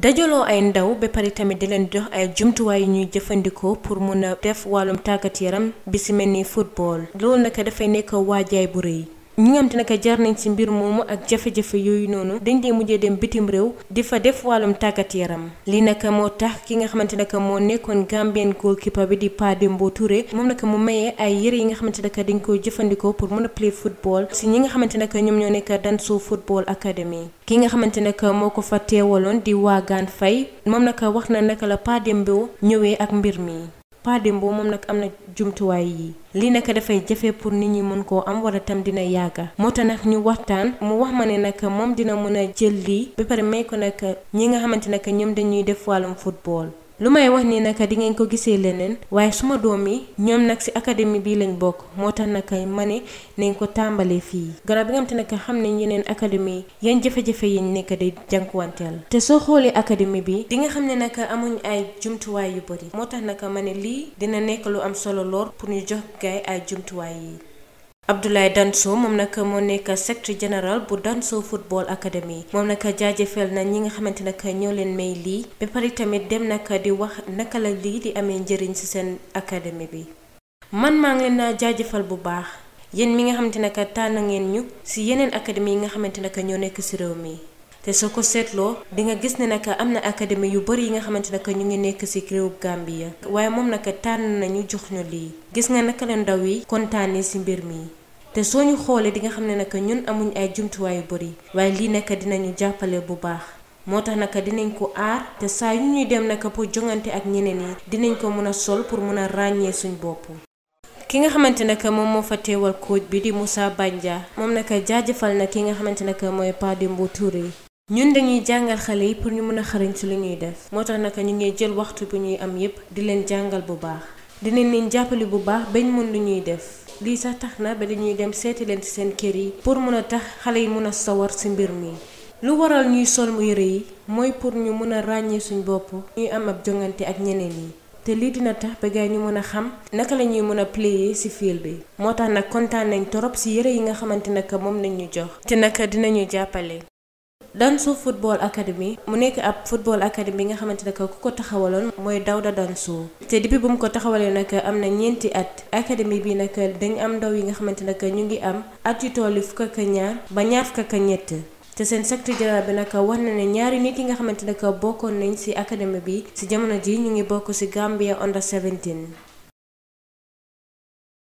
dajaloo ay ndaw ba pare tamit di leen jox ay jumtuwaay yu ñuy jëfandikoo pour mun a def wàllum tàggat yaram bi si mel ni football loolu naka dafay nekk waajaay bu rëy. ñi nga xam te ne que nañ ci mbir moomu ak jafe-jafe yooyu noonu dañ dee mujjee dem bitim réew di fa def wàllum tàggat yaram li naka moo tax ki nga xamante ne que moo nekkoon Gambien goalkeeper bi di Pa Dembo Touré moom naka mu mayee ay yëre yi nga xamante ne que dañ koy jëfandikoo pour mën a play football si ñi nga xamante ne que ñoom ñoo nekk Danso Football Academy ki nga xamante ne que moo ko fa teewaloon di waagaan fay moom naka wax na naka la Pa Dembo ñëwee ak mbir mi. Pa Dembo moom nag am na jumtuwaay yi lii naka dafay jafe pour nit ñi mën koo am war a tam dina yàgga moo tax nag ñu waxtaan mu wax ma ne nag moom dina mën a jël lii ba pare may ko nag ñi nga xamante nag ñoom dañuy def wàllum football. lu may wax ni naka di ngeen ko gisee leneen waaye suma doom yi ñoom nag si académie bii lañ bokk moo tax naka ma ne nañ ko tàmbalee fii garab bi nga xam nañ yeneen académie yan jafe-jafe nekk di jànkuwanteel te soo xoolee académie bi di nga xam ne naka amuñ ay jumtuwaay yu bëri moo tax naka ma ne lii dina nekk lu am solo lool pour ñu jox gaay ay jumtuwaay yi Abdoulaye Danso moom nag moo nekk secrétaire général bu Danso football academy moom nag jaajëfal na ñi nga xamante nag ñoo leen may lii ba pare tamit dem nag di wax naka la lii di amee njëriñ ci seen académie bi. man maa ngi leen jaajëfal bu baax yéen mi nga xamante ne tànn ngeen ñu ci yeneen académie yi nga xamante ne ñoo nekk ci réew mi. te soo ko seetloo di nga gis ne nag am na académie yu bëri yi nga xamante ne ñu ngi nekk ci réewub ya waaye moom nag tànn nañu jox ñu lii gis nga naka la ndaw yi kontaanee ci mbir mi. te soo ñu xoolee di nga xam ne nag ñun amuñ ay jumtuwaay yu bëri waaye lii nag dinañu jàppale bu baax moo tax nag dinañ ko aar te saa yu ñuy dem nag pour jongante ak ñeneen yi dinañ ko mën a sol pour mën a ràññee suñ bopp. ki nga xamante ne moom moo fa teewal bi di Moussa Bandia moom nag jaajëfal na ki nga xamante ne mooy Padembo Touré. ñun dañuy jàngal xale yi pour ñu mën a xarañ ci li ñuy def moo tax naka ñu ngi jël waxtu bu ñuy am yépp di leen jàngal bu baax dinañ leen jàppale bu baax bañ mën lu ñuy def lii sax tax na ba dañuy dem seeti leen ci seen kër yi pour mën tax xale yi mën sawar ci mbir mi lu waral ñuy sol mu yëre yi mooy pour ñu mën a ràññee suñ bopp ñuy am ab jongante ak ñeneen yi te lii dina tax ba gaay ñu mën a xam naka la ñuy mën a ci fil bi moo tax nag nañ torop ci yëre yi nga xamante naka moom lañ ñu jox te naka dinañu jàppale Danso football academy mu nekk ab football academy bi nga xamante ne que ku ko taxawaloon mooy Dawda Danso te depuis bu mu ko taxawalee nag am na ñeenti at académie bi nag dañ am ndaw yi nga xamante ne que ñu ngi am at yu toll fukk ak ñaar ba ñaar fukk ak ñett te seen secrétaire général bi nag wax na ne ñaari nit yi nga xamante ne que bokkoon nañ ci académie bi ci jamono ji ñu ngi bokk ci Gambia under 17.